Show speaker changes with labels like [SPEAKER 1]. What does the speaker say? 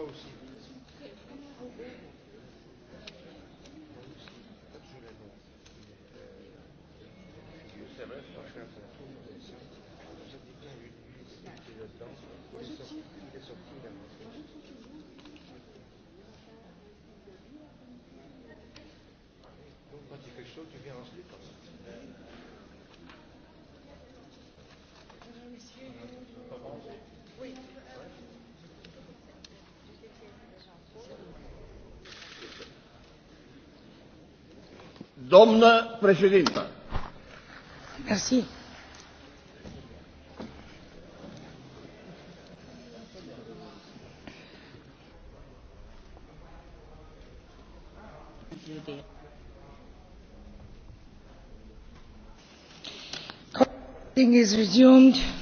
[SPEAKER 1] Quand tu fais chaud, tu viens ensuite.
[SPEAKER 2] Doamnă președintă!
[SPEAKER 3] Merci.
[SPEAKER 4] meeting is resumed.